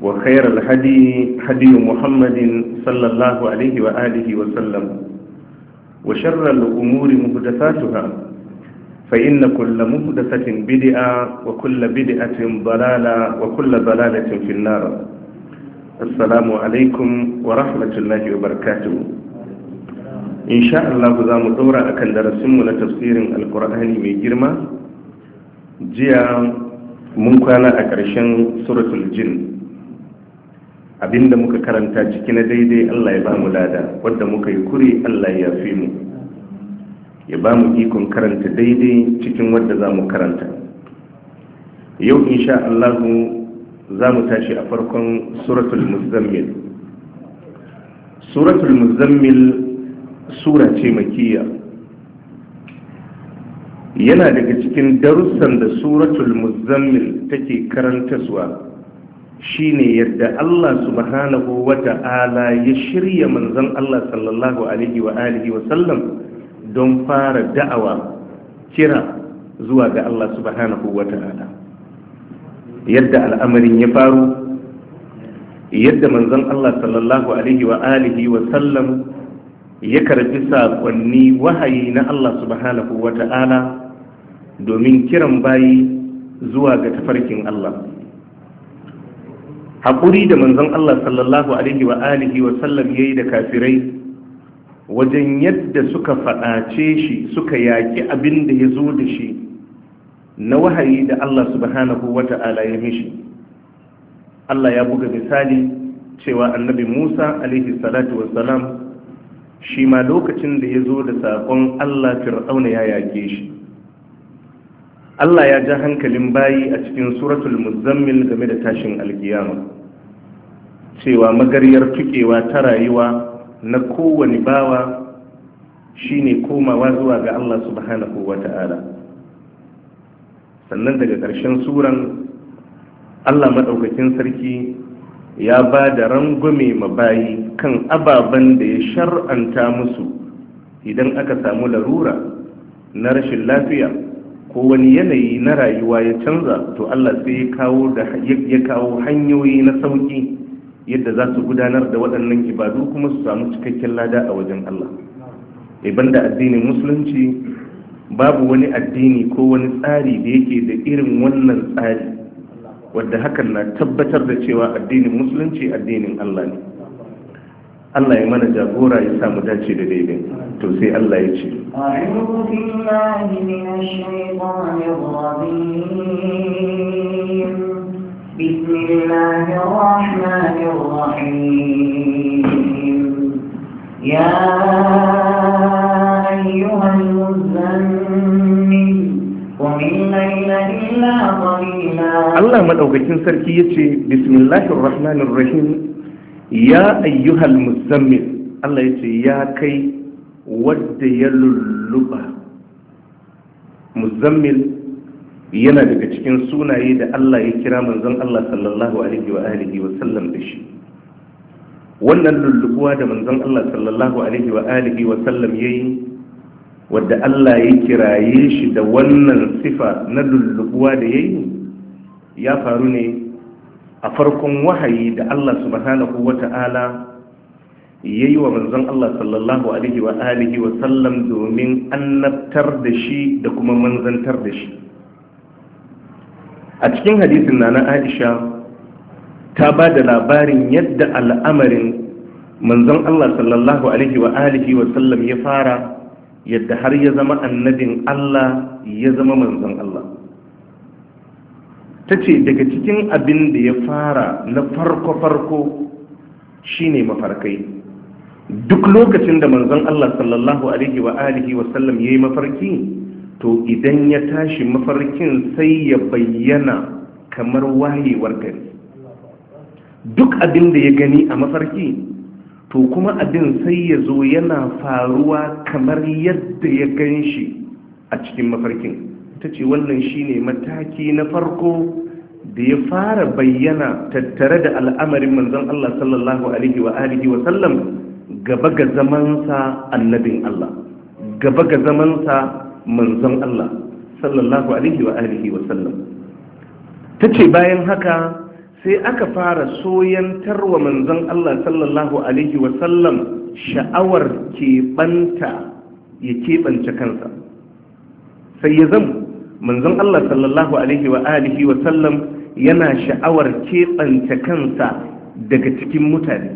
وخير الهدي هدي محمد صلى الله عليه وآله وسلم وشر الأمور مهدفاتها فإن كل مهدفة بدعة وكل بدعة ضلالة وكل ضلالة في النار السلام عليكم ورحمة الله وبركاته إن شاء الله ذا مدورة أكن درسمنا تفسير القرآن من جرمة جيا من كان أكرشن سورة الجن abinda muka karanta ciki na daidai Allah ya ba mu lada wadda muka yi kuri Allah ya fi mu ya ba mu ikon karanta daidai cikin wadda za mu karanta yau insha Allah za mu tashi a farkon suratul muzammil suratul muzammil sura ce makiya yana daga cikin darussan da suratul muzammil take karanta suwa shine yadda Allah subhanahu wa ta'ala ya shirya manzon Allah sallallahu alaihi wa alihi wa sallam don fara da'awa kira zuwa ga Allah subhanahu wa ta'ala yadda al'amarin ya faru yadda manzon Allah sallallahu alaihi wa alihi wa sallam ya karbi sakonni wahayi na Allah subhanahu wa ta'ala domin kiran bayi zuwa ga tafarkin Allah haƙuri da manzon Allah sallallahu alaihi wa alihi wa sallam yayi da kafirai wajen yadda suka faɗace shi suka yaƙi abin da ya zo da shi na wahayi da Allah subhanahu wa ta'ala ya mishi Allah ya buga misali cewa annabi Musa alaihi salatu salam shi ma lokacin da ya zo da saƙon Allah fir'auna ya yaƙe shi Allah ya ja hankalin bayi a cikin suratul muzammil game da tashin alkiyama cewa magaryar tukewa ta rayuwa na kowane bawa shine komawa zuwa ga Allah subhanahu ta'ala sannan daga ƙarshen suran Allah maɗaukakin sarki ya ba da rangwame ma bayi kan ababen da ya shar'anta musu idan aka samu larura na rashin lafiya ko wani yanayi na rayuwa ya canza to Allah sai ya kawo hanyoyi na sauki yadda za su gudanar da waɗannan ibadu kuma su samu cikakken lada a wajen Allah iban e, da addinin musulunci babu wani addini ko wani tsari da yake da irin wannan tsari wadda hakan na tabbatar da cewa addinin musulunci addinin Allah ne Allah ya mana jagora ya sa mu dace da daidai to sai Allah ya ce a'udhu billahi minash ya ayyuhal Allah sarki yace bismillahir rahmanir rahim ya ayyuhal musammin Allah ya ce ya kai wadda ya lulluba musammin yana daga cikin sunaye da Allah ya kira manzon Allah sallallahu alaihi wa alihi wa sallam da shi wannan lullubuwa da manzon Allah sallallahu alaihi wa alihi wa sallam yayi wadda Allah ya kiraye shi da wannan sifa na lullubuwa da yayi ya faru ne a farkon wahayi da Allah subhanahu wata'ala ya yi wa manzon Allah sallallahu alaihi wa alihi wa sallam domin annabtar da shi da kuma manzantar da shi a cikin hadisin na na Aisha ta ba da labarin yadda al'amarin manzon Allah sallallahu alaihi wa alihi wa sallam ya fara yadda har ya zama annabin Allah ya zama manzon Allah ta ce daga cikin abin da ya fara na farko-farko shine mafarkai duk lokacin da manzon Allah sallallahu alaihi wa alihi wa sallam yayi mafarki to idan ya tashi mafarkin sai ya bayyana kamar wayewar gari duk abin da ya gani a mafarki to kuma abin sai ya zo yana faruwa kamar yadda ya gan shi a cikin mafarkin ta ce wannan shine mataki na farko da ya fara bayyana tattare da al'amarin manzon Allah sallallahu alaihi wa alihi wa sallam gaba ga zamansa annabin Allah gaba ga zamansa manzon Allah sallallahu alaihi wa alihi wa sallam Ta ce bayan haka sai aka fara soyantar wa manzon Allah sallallahu alaihi wa sallam sha'awar keɓanta ya keɓance kansa sai ya zama manzon Allah sallallahu alaihi wa alihi wa sallam yana sha'awar keɓance kansa daga cikin mutane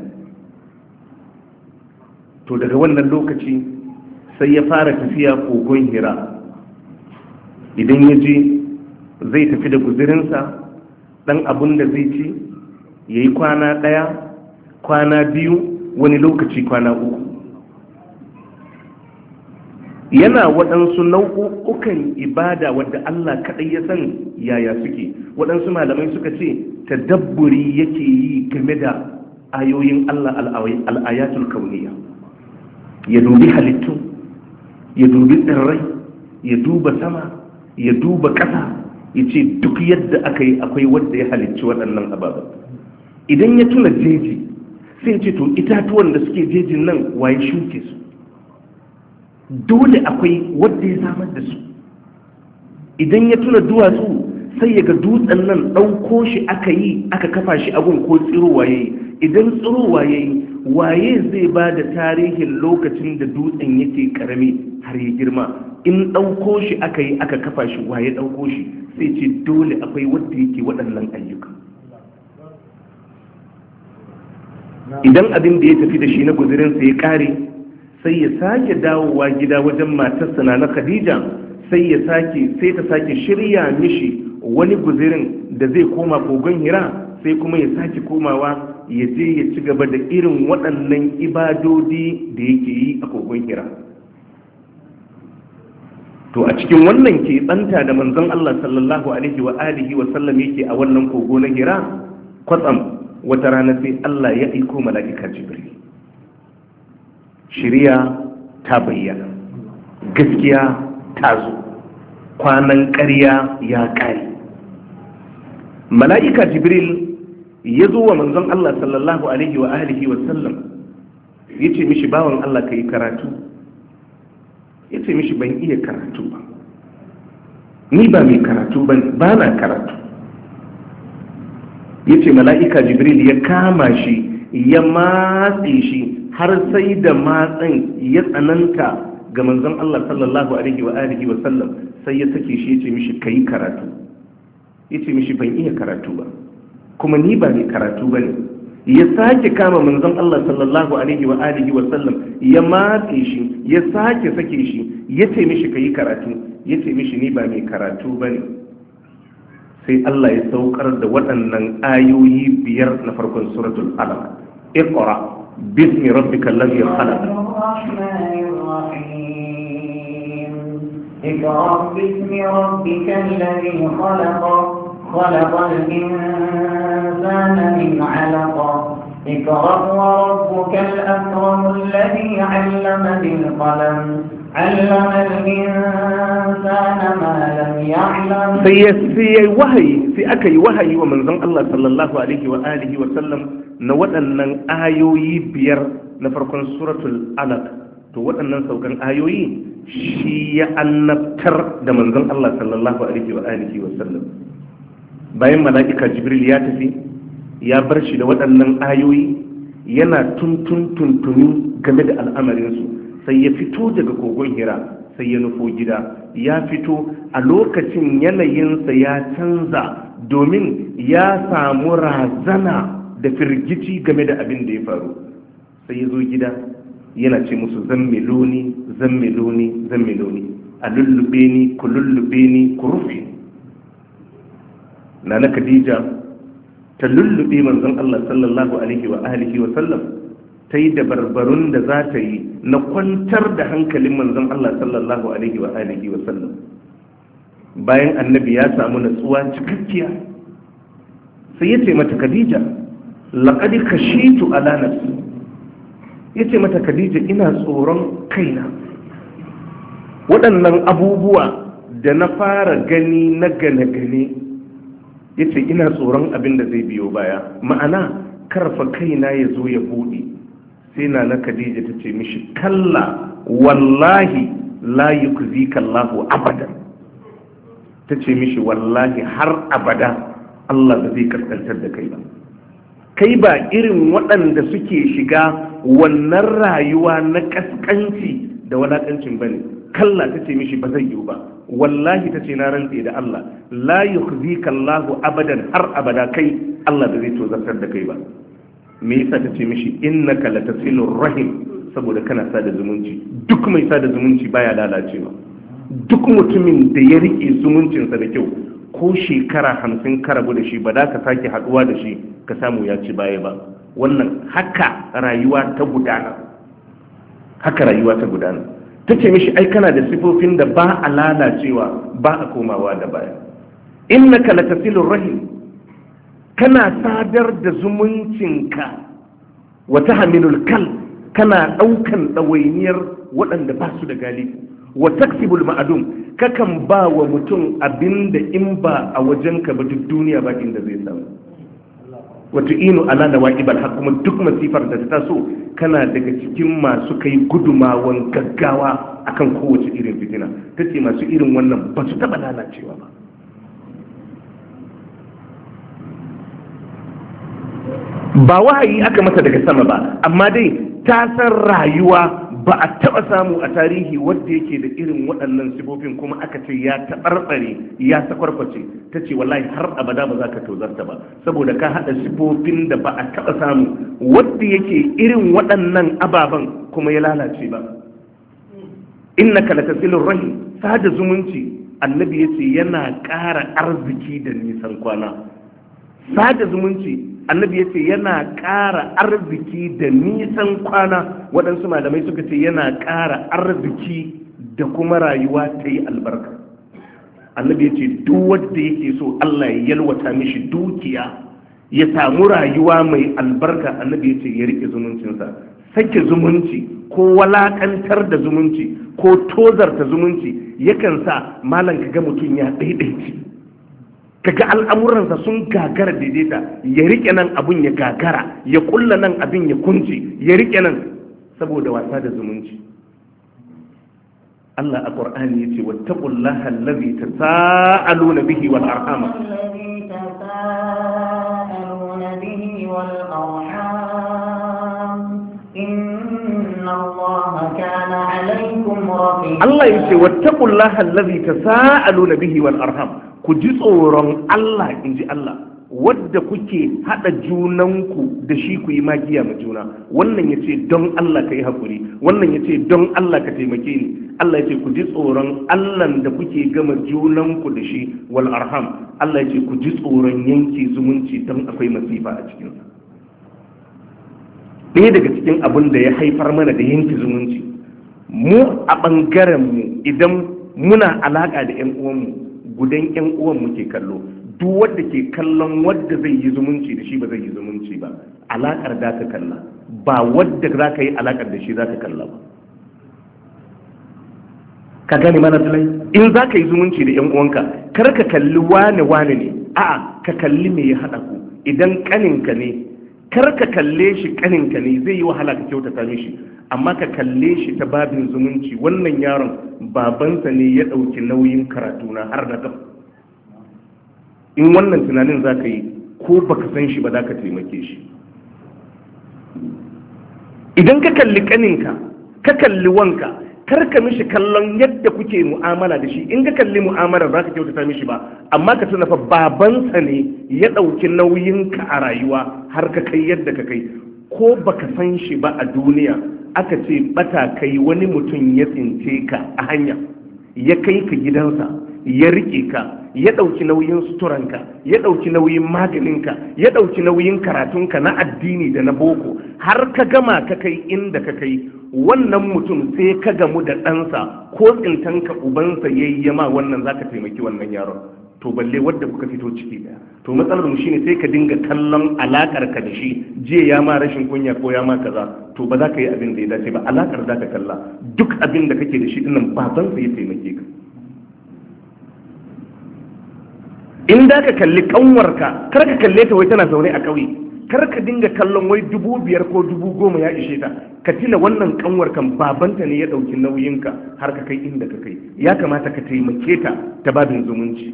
to daga wannan lokaci sai ya fara tafiya kogon hira idan ya je zai tafi da guzirinsa ɗan abun da zai ci ya yi kwana ɗaya kwana biyu wani lokaci kwana uku yana waɗansu nau'ukan ibada wadda Allah kaɗai ya san yaya suke waɗansu malamai suka ce tadabburi yake yi game da ayoyin Allah al'ayatul kauniya ya dubi halittu ya dubi tsirrai ya duba sama ya duba ƙasa ya ce duk yadda aka yi akwai wadda ya halicci waɗannan ababa idan ya tuna jeji sai ce to itatuwan da suke jejin nan waye shuke su dole akwai wadda ya samar da su idan ya tuna duwatsu sai ya ga dutsen nan ɗauko shi aka yi aka kafa shi abun ko tsiro waye idan tsiro waye waye zai ba da tarihin lokacin da dutsen yake karami har ya girma in ɗauko shi aka yi aka kafa shi waye ɗauko shi sai ce dole akwai wadda yake waɗannan ayyuka idan abin da ya tafi da shi na guzurinsa ya ƙare sai ya sake dawowa gida wajen matarsa na na khadija sai ya sake sai ta sake shirya mishi wani guzirin da zai koma kogon hira sai kuma ya sake komawa ya je ya ci gaba da irin waɗannan ibadodi da yake yi a kogon hira to a cikin wannan ke tsanta da manzon Allah sallallahu alaihi wa alihi wa sallam yake a wannan kogo na hira kwatsam wata rana sai Allah ya aiko mala'ika Jibril shirya ta bayyana gaskiya ta zo kwanan ƙarya ya ƙare mala'ika jibril ya zo wa manzon Allah sallallahu alaihi wa alihi wa sallam ya ce mishi bawan Allah ka yi karatu ya ce mishi ban iya karatu ba ni ba mai karatu ba na karatu ya ce mala'ika jibril ya kama shi ya matse shi har sai da matsin ya tsananta ga manzon Allah sallallahu alaihi wa alihi wa sallam sai ya sake shi yace mishi kai karatu yace mishi ban iya karatu ba kuma ni ba mai karatu bane ya sake kama manzon Allah sallallahu alaihi wa alihi wa sallam ya matse shi ya sake sake shi yace mishi kai karatu yace mishi ni ba mai karatu bane sai Allah ya saukar da waɗannan ayoyi biyar na farkon suratul alaq iqra باسم ربك الذي خلق الرحمن الرحيم اقرأ باسم ربك الذي خلق خلق الإنسان من علق اقرأ وربك الأكرم الذي علم بالقلم علم الإنسان ما لم يعلم في في وهي في أكي وهي ومن ذن الله صلى الله عليه وآله وسلم na waɗannan ayoyi biyar na farkon suratul alaq to waɗannan saukan ayoyi shi ya annabtar da manzon Allah sallallahu alaihi wa alihi wa sallam bayan mala'ika jibril ya tafi ya bar shi da waɗannan ayoyi yana tuntun tuntuni game da al'amarinsu sai ya fito daga kogon hira sai ya nufo gida ya fito a lokacin yanayinsa ya canza domin ya samu razana da firgici game da abin da ya faru sai ya zo gida yana ce musu zammiloni zammiloni zammiloni a lullube ni ku lullube ni ku rufe na na khadija ta lullube manzon Allah sallallahu alaihi wa alihi wa sallam ta yi dabarbarun da za ta yi na kwantar da hankalin manzon Allah sallallahu alaihi wa alihi wa sallam bayan annabi ya samu natsuwa cikakkiya sai ya ce mata khadija laƙadi ka shi tu alanar ya ce mata khadija ina tsoron kaina waɗannan abubuwa da na fara gani na gane-gane ya ce ina tsoron abin da zai biyo baya ma'ana karfa kaina ya zo ya buɗe sai na na khadija ta ce mishi kalla wallahi la yi ku zikallahu abadan ta ce mishi wallahi har abada allah ba zai kaskantar da kai ba kai ba irin waɗanda suke shiga wannan rayuwa na ƙasƙanci da ba ne. kalla ta ce mishi ba zai yiwu ba wallahi ta ce na rantse da Allah la yukhzika kallahu abadan har abada kai Allah ba zai tozartar da kai ba me yasa ta ce mishi innaka latasilur rahim saboda kana sada zumunci duk mai sada zumunci baya lalacewa duk mutumin da ya rike zumuncinsa da kyau ko shekara hamsin karabu da shi ba za ka sake haɗuwa da shi ka samu ya ci baya ba wannan haka rayuwa ta gudana haka rayuwa ta gudana ta ce mishi ai kana da sifofin da ba a lalacewa ba a komawa da baya ka latasilun rahim kana sadar da zumuncinka wata tahmilul kal kana ɗaukan ɗawainiyar waɗanda ba su da galibi wa taksibul ma'adum kakan ba wa mutum abinda in ba a wajenka ba duk duniya ba inda zai samu wata inu ala da waƙibar har kuma duk masifar da ta taso kana daga cikin masu kai gudumawan gaggawa akan kowace irin fitina ta ce masu irin wannan ba su taɓa lalacewa ba ba wahayi aka mata daga sama ba amma dai ta san rayuwa ba a taɓa samu a tarihi wadda yake da irin waɗannan sifofin kuma aka ce ya taɓarɓare ya sakwarface ta ce wallahi har abada ba za ka tozarta ba saboda ka haɗa sifofin da ba a taɓa samu wadda yake irin waɗannan ababen kuma ya lalace ba innaka latasilur rahim sada zumunci annabi ya ce yana ƙara arziki da nisan kwana sada zumunci annabi ya ce yana ƙara arziki da nisan kwana waɗansu malamai suka ce yana ƙara arziki da kuma rayuwa ta yi albarka annabi ya ce duk wanda yake so allah ya yalwata mishi dukiya ya samu rayuwa mai albarka annabi ya ce ya rike zumuncinsa sake zumunci ko walakantar da zumunci ko tozarta zumunci yakan sa malam ka ga mutum ya ɗaiɗaici kaga al'amuransa sun gagara daidaita ya rike nan abin ya gagara ya kulla nan abin ya kunce ya rike nan saboda wasa da zumunci Allah a Qur'ani yace wattaqullaha allazi tasaaluna bihi wal arham Allah yace wattaqullaha allazi tasaaluna bihi wal arham ku ji tsoron Allah in ji Allah wadda kuke haɗa junanku da shi ku yi magiya ma juna wannan ya ce don Allah ka yi haƙuri wannan ya ce don Allah ka taimake ni Allah ya ce ku ji tsoron Allah da kuke gama junanku da shi wal arham Allah ya ce ku ji tsoron yanke zumunci don akwai masifa a cikinsa ɗaya daga cikin abin da ya haifar mana da yanke zumunci mu a ɓangaren mu idan muna alaƙa da 'yan uwanmu gudan yan uwan muke kallo duk wanda ke kallon wanda zai yi zumunci da shi ba zai yi zumunci ba alakar da ka kalla ba wanda za ka yi alakar da shi za ka kalla ba ka gane mana tulai in za ka yi zumunci da yan uwanka kar ka kalli wane wane ne a'a ka kalli me ya haɗa ku idan kaninka ne kar ka kalle shi kaninka ne zai yi wahala ka kyautata mishi amma ka kalle shi ta babin zumunci wannan yaron babansa ne ya ɗauki nauyin karatu na har da gaba in wannan tunanin za ka yi ko ba ka san shi ba za ka taimake shi idan ka kalli ƙaninka ka kalli wanka kar ka mishi kallon yadda kuke mu'amala da shi in ka kalli mu'amala za ka kyautata mishi ba amma ka tuna fa babansa ne ya ɗauki nauyinka a rayuwa har ka kai yadda ka kai ko baka san shi ba a duniya aka ce bata kai wani mutum ya tsince ka a hanya ya kai ka gidansa ya riƙe ka ya ɗauki nauyin suturanka ya ɗauki nauyin maganinka ya ɗauki nauyin karatunka na addini da na boko har ka gama ka kai inda ka kai wannan mutum sai ka gamu da ɗansa ko tsintanka ubansa ya yi yama wannan za ka taimaki wannan yaron to balle wadda kuka fito ciki daya to matsalar mu shine sai ka dinga kallon alakar ka da shi je ya ma rashin kunya ko ya ma kaza to ba za ka yi abin da ya dace ba alakar za ka kalla duk abin da kake da shi dinnan ba zan sai taimake ka in da ka kalli ka kar ka kalle ta wai tana zaune a ƙauye kar ka dinga kallon wai dubu biyar ko dubu goma ya ishe ta ka tila wannan kanwar kan babanta ne ya ɗauki nauyinka har ka kai inda ka kai ya kamata ka taimake ta ta babin zumunci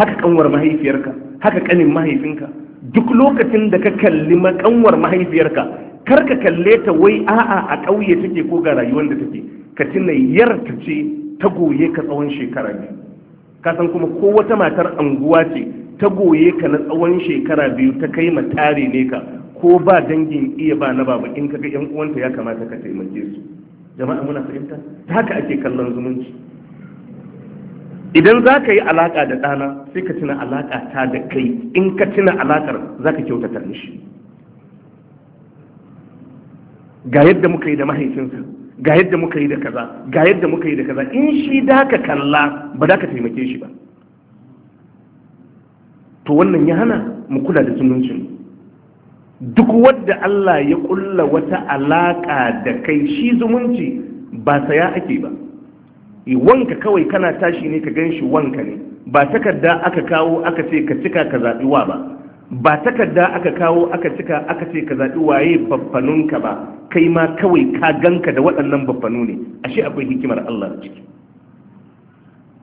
haka kanwar mahaifiyarka haka kanin mahaifinka duk lokacin da ka kalli makanwar mahaifiyarka kar ka kalle ta wai a'a a ƙauye take ko ga rayuwar da take ka tuna yarta ce ta goye ka tsawon shekara biyu ka san kuma ko wata matar anguwa ce ta goye ka na tsawon shekara biyu ta kai ma tare ne ka ko ba dangin iya ba na baba in ka ga yan uwanta ya kamata ka taimake su jama'a muna fahimta ta haka ake kallon zumunci idan za ka yi alaƙa da ɗana sai ka tuna alaƙa ta da kai in ka tuna alaƙar za ka kyautata mishi ga yadda muka yi da mahaifinsa ga yadda muka yi da kaza ga yadda muka yi da kaza in shi da ka kalla ba da ka taimake shi ba to wannan ya hana mu kula da zumuncin duk wadda Allah ya kulla wata alaƙa da kai shi zumunci ba saya ake ba wanka kawai kana tashi ne ka gan shi wanka ne ba takarda aka kawo aka ce ka cika ka zaɓi wa ba ba takarda aka kawo aka cika aka ce ka zaɓi waye baffanunka ba kai ma kawai ka ganka da waɗannan baffanu ne ashe akwai hikimar Allah a ciki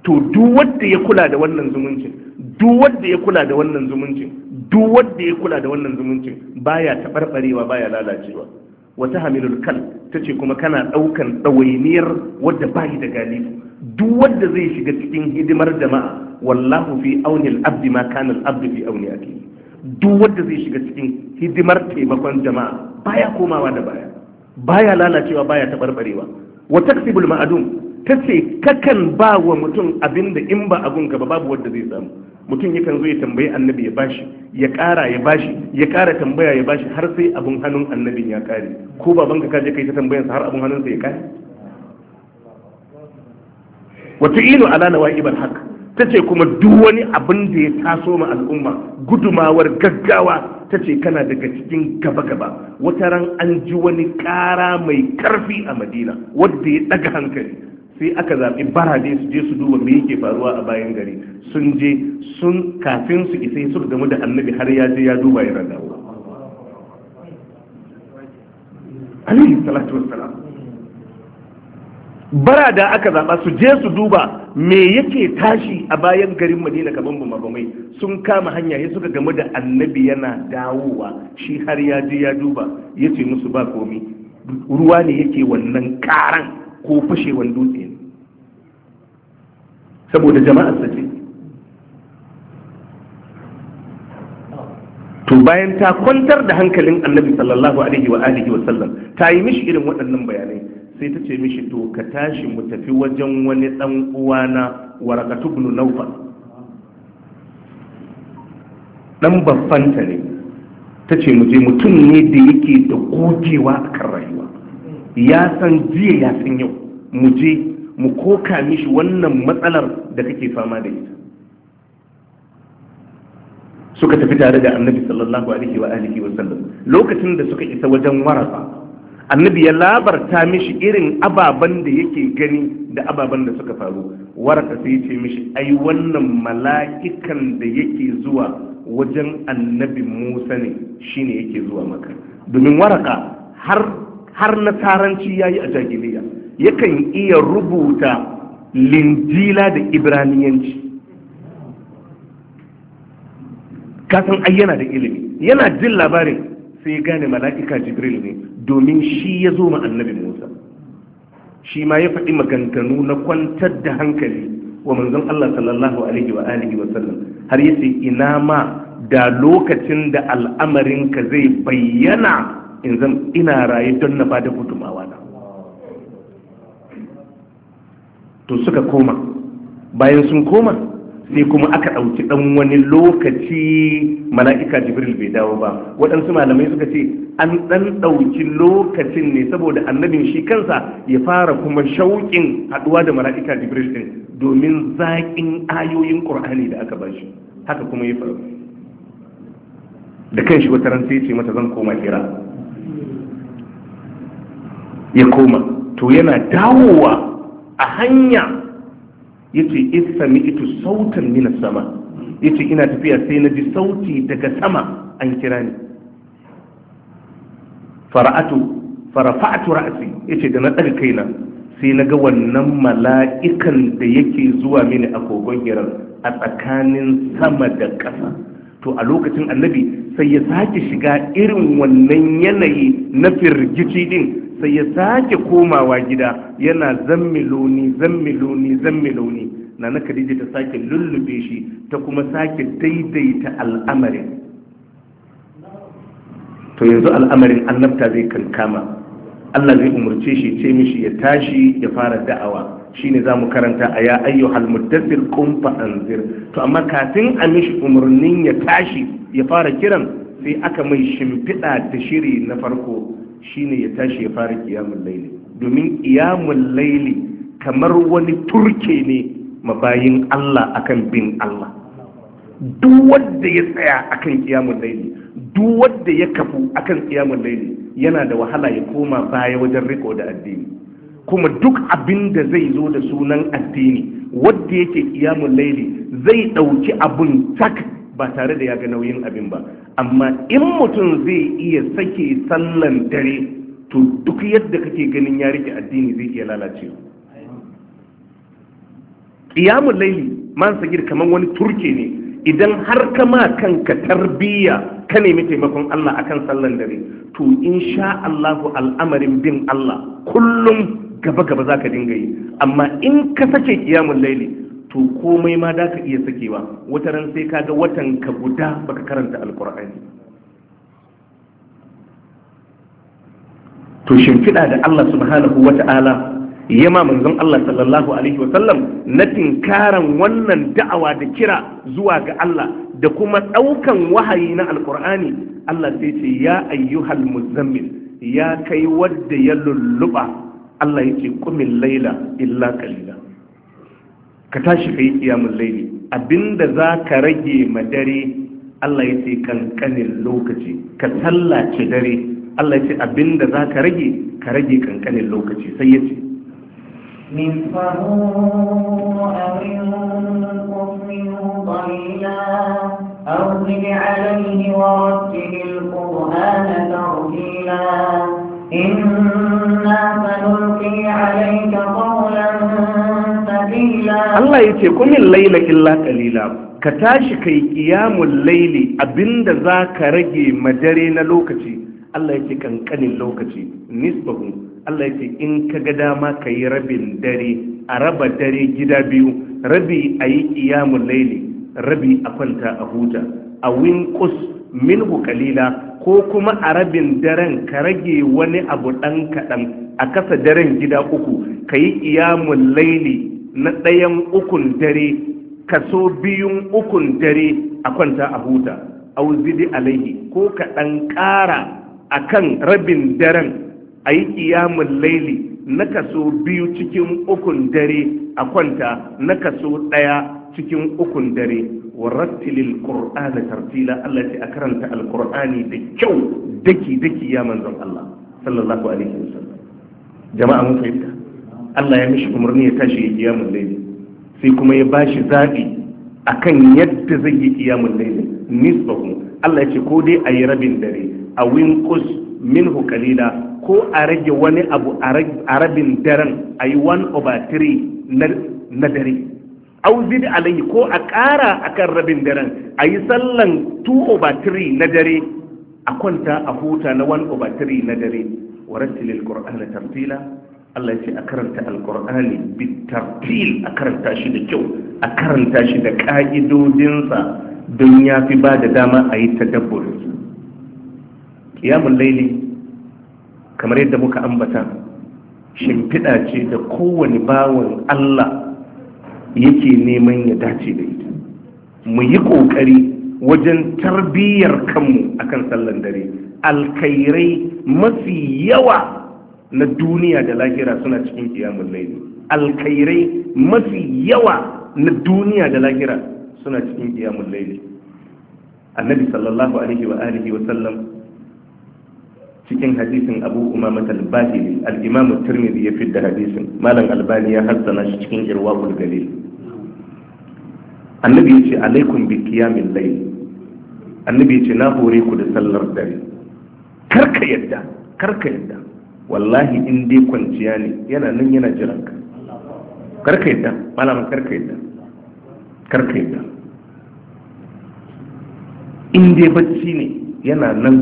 to duk wanda ya kula da wannan zumuncin duk wanda ya kula da wannan zumuncin duk wanda ya kula da wannan zumuncin baya taɓarɓarewa baya lalacewa wata hamilul kal ta ce kuma kana ɗaukan ɗawainiyar wadda bayi da galibu duk wadda zai shiga cikin hidimar jama'a wallahu fi aunil abdi ma kana abdu fi auni ake, duk wadda zai shiga cikin hidimar taimakon jama'a baya komawa da baya baya lalacewa baya taɓarɓarewa Wata taksibul ma'adum ta ce kakan ba wa mutum abin da in ba abun ka ba babu wadda zai samu mutum yakan zo ya tambayi annabi ya bashi ya ƙara ya bashi ya kara tambaya ya bashi har sai abun hannun annabin ya kare, ko babanka kaje kai ta sa har abun hannun sa ya kare. wata inu ala na wa'ibar haka ta ce kuma duk wani abin da ya taso ma al'umma gudumawar gaggawa ta ce kana daga cikin gaba-gaba wata ran an ji wani kara mai karfi a madina wadda ya daga hankali sai aka zaɓi barade su je su duba me yake faruwa a bayan gari sun je sun kafin su isa su gamu da annabi har ya je ya duba ya wa alaihi salatu wassalam barada aka zaɓa su je su duba me yake tashi a bayan garin madina kaman bumabamai sun kama hanya ya suka gamu da annabi yana dawowa shi har ya je ya duba ya ce musu ba komi ruwa ne yake wannan karan ko fashewan dutse saboda jama'ar ce to bayan ta kwantar da hankalin annabi sallallahu alaihi wa alihi wa sallam ta yi mishi irin waɗannan bayanai sai ta ce mishi to ka tashi mu tafi wajen wani dan uwana warakatu ibn nawfal dan baffanta ne ta ce mu je mutum ne da yake da gogewa kan rayuwa ya san jiya ya san yau mu je mu koka mishi wannan matsalar da kake fama da ita suka tafi tare da annabi sallallahu alaihi wa alihi wa sallam lokacin da suka isa wajen warafa annabi ya labarta mishi irin ababen da yake gani da ababen da suka faru Waraƙa sai ya ce mishi ai wannan mala'ikan da yake zuwa wajen annabi musa ne shine yake zuwa maka domin waraka har har ya yayi a jagiliya yakan iya rubuta linjila da ibraniyanci kasan ayyana yana da ilimi yana jin labarin sai ya gane mala'ika jibril ne domin shi ya zo ma annabi musa shi ma ya faɗi maganganu na kwantar da hankali wa manzon allah sallallahu alaihi wa alihi wa sallam har ya ce ina ma da lokacin da al'amarinka zai bayyana in zan ina raye don na bada gudumawa na to suka koma bayan sun koma sai kuma aka ɗauki ɗan wani lokaci mala'ika jibril bai dawo ba waɗansu malamai suka ce an ɗan ɗauki lokacin ne saboda annabin shi kansa ya fara kuma shauƙin haɗuwa da mala'ika jibril ɗin domin zaƙin ayoyin ƙur'ani da aka bashi. haka kuma ya faru da kan shi wata ran ce mata zan koma hira ya koma to yana dawowa a hanya ya ce isa isami ito sautan min sama ya ce ina tafiya sai na ji sauti daga sama an kira ni fara'atu Ra'asi ya ce da na daga kaina sai na ga wannan mala'ikan da yake zuwa mini a kogon hirar a tsakanin sama da ƙasa to a lokacin annabi sai ya sake shiga irin wannan yanayi na firgici din sai ya sake komawa gida yana zammiloni zammiloni zammiloni na na khadija ta sake lullube shi ta kuma sake daidaita al'amarin to yanzu al'amarin annabta zai kankama Allah zai umarce shi ce mishi ya tashi ya fara da'awa Shi ne za mu karanta a ya ayyuhal muddathir qum anzir to amma kafin a mishi umarnin ya tashi ya fara kiran sai aka mai shimfiɗa da shiri na farko shine ya tashi ya fara kiyamun laili domin kiyamun laili kamar wani turke ne mabayin Allah akan bin Allah duk wanda ya tsaya akan kiyamun laili duk wanda ya kafu akan kiyamun laili yana da wahala ya koma baya wajen riko da addini kuma duk abin da zai zo da sunan addini wanda yake kiyamun laili zai ɗauki abun tak ba tare da ya ga nauyin abin ba amma in mutum zai iya sake sallan dare to duk yadda kake ganin ya rike addini zai iya lalacewa ƙiyamun laili man sagir kamar wani turke ne idan har ka ma kanka tarbiyya ka nemi taimakon Allah akan sallan dare to insha Allahu al'amarin bin Allah kullum gaba gaba zaka dinga yi amma in ka sake ƙiyamun laili to komai ma da ka iya sakewa wata ran sai ka ga watan ka guda baka karanta alkur'ani to shimfiɗa da Allah subhanahu wa ta'ala ya ma manzon Allah sallallahu alaihi sallam na tinkaran wannan da'awa da kira zuwa ga Allah da kuma ɗaukan wahayi na alkur'ani Allah sai ce ya ayyuhal muzammil ya kai wadda ya lulluɓa Allah ya ce kumin laila illa kalila ka tashi ka yi kiyamun laili abinda za ka rage ma dare Allah ya ce kankanin lokaci ka tallace dare Allah ya ce abinda za ka rage ka rage kankanin lokaci sai ya ce نصفه عليه ورتل القرآن ترتيلا Allah ya ce kumin laila illa kalila ka tashi kai kiyamun laili abinda za ka rage madare na lokaci Allah ya ce kankanin lokaci nisbahu Allah ya ce in ka ga dama ka yi rabin dare a raba dare gida biyu rabi a yi kiyamun laili rabi a kwanta a huta a winkus minhu kalila ko kuma a rabin daren ka rage wani abu ɗan kaɗan a kasa daren gida uku ka yi iyamun laili na ɗayan ukun dare kaso biyun ukun dare a kwanta a huta auzidi zidi alaihi ko ka ɗan ƙara a kan rabin daren a yi iyamun laili na kaso biyu cikin ukun dare a kwanta na kaso ɗaya cikin ukun dare wa rattilil qur'ana tartila Allah ya a karanta alqur'ani da kyau daki daki ya manzon Allah sallallahu alaihi wasallam jama'a mun fahimta Allah ya mishi umarni ya tashi ya kiyamul layli sai kuma ya bashi zabi akan yadda zai yi kiyamul layli nisbahu Allah ce ko dai ayi rabin dare a winqus minhu qalila ko a rage wani abu a rabin daren a yi 1 over na dare auzid alayhi ko a ƙara akan rabin daren a yi sallan 2 over 3 na dare a kwanta a huta na 1 over 3 na dare wa rattilil qur'ana tartila Allah ya ce a karanta alqur'ani bi tartil a karanta shi da kyau a karanta shi da ka'idodinsa don ya fi ba da dama a yi tadabbur kiyamul layli kamar yadda muka ambata shimfiɗa ce da kowane bawan Allah yake neman ya dace da ita mu yi ƙoƙari wajen tarbiyyar kanmu akan sallan dare alkhairai mafi yawa na duniya da lahira suna cikin kiyamun laili alkairai mafi yawa na duniya da lahira suna cikin kiyamun laili annabi sallallahu alaihi wa alihi wa sallam cikin hadisin abu umama al-bahili al-imam tirmidhi ya da hadisin malam albani ya hassana shi cikin irwaqul galil annabi ya ce alaikun bi min lai annabi ya ce na hore ku da sallar dare karka yadda karka yadda wallahi in dai kwanciya ne yana nan yana jiran ka karka yadda malamin karka yadda karka yadda in dai bacci ne yana nan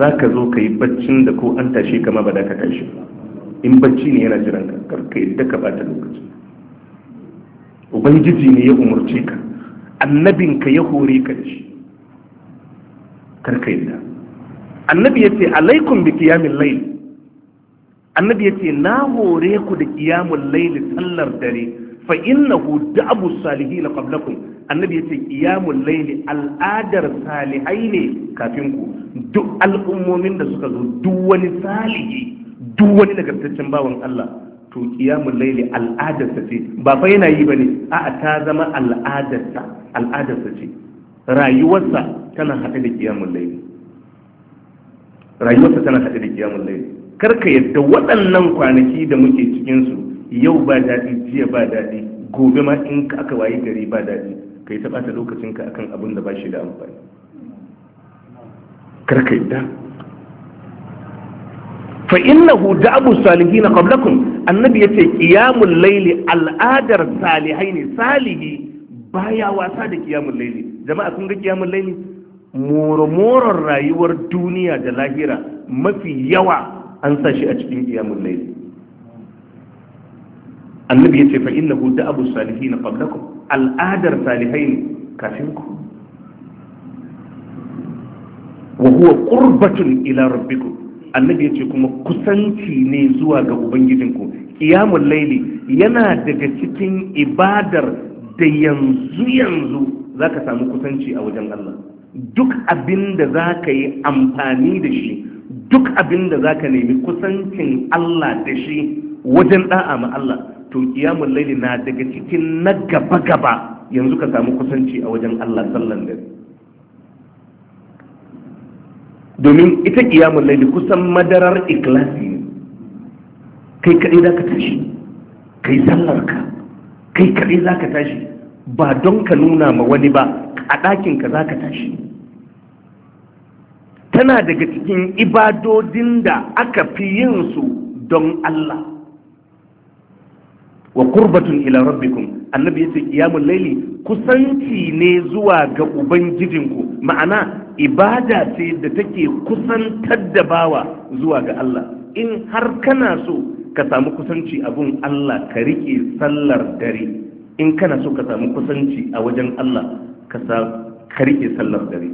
za ka zo ka yi baccin da ko an tashe kama ba da ka kashe. in bacci ne yana jiran ka karka yadda ka bata lokaci ubangiji ne ya umarce ka annabinka ya hore ka da shi karka yadda annabi ya ce alaikum bi kiyamin laili annabi ya ce na hore ku da kiyamun laili sallar dare fa innahu salihi na qablakum annabi ya ce kiyamun laili al'adar salihai ne kafin ku duk al'ummomin da suka zo duk wani salihi duk wani nagartaccen bawan Allah to qiyamul layli al'adarsa ce ba fa yana yi ne? a'a ta zama al'adarsa al'adarsa ce rayuwarsa tana haɗe da qiyamul layli rayuwarsa tana haɗe da qiyamul layli ka yadda waɗannan kwanaki da muke cikin su yau ba daɗi jiya ba daɗi gobe ma in ka aka wayi gari ba daɗi ka yi taɓata lokacinka akan abin da ba shi da amfani Kar ka yadda fa innahu da'abu salihin qablakum annabi ya ce ƙiyamun laili al'adar salihai ne salihi baya wasa da ƙiyamun laili jama'a sun ga ƙiyamun laili moromoron rayuwar duniya da lahira mafi yawa an sa shi a cikin ƙiyamun laili annabi ya ce fa innahu da abu salihi na qablakum al'adar salihai ne kafin ku wa huwa qurbatun ila rabbikum annabi ya ce kuma kusanci ne zuwa ga ubangijinku kiyamun laili yana daga cikin ibadar da yanzu yanzu za ka samu kusanci a wajen Allah duk abin da za ka yi amfani da shi duk abin da za ka nemi kusancin Allah da shi wajen ɗa'a ma Allah to ƙiyamun laili na daga cikin na gaba-gaba yanzu ka samu kusanci a wajen Allah sallan dare domin ita iyamun laili kusan madarar ikilasi ne kai kaɗai za ka tashi kai sallarka kai kaɗai za ka tashi ba don ka nuna ma wani ba a ɗakinka za ka tashi tana daga cikin ibadodin da aka fi yin su don Allah wa qurbatun ila rabbikum annabi yace qiyamul layli kusanci ne zuwa ga ubangijinku ma'ana ibada ce da take kusantar da bawa zuwa ga Allah in har kana so ka samu kusanci abun Allah ka rike sallar dare in kana so ka samu kusanci a wajen Allah ka rike sallar dare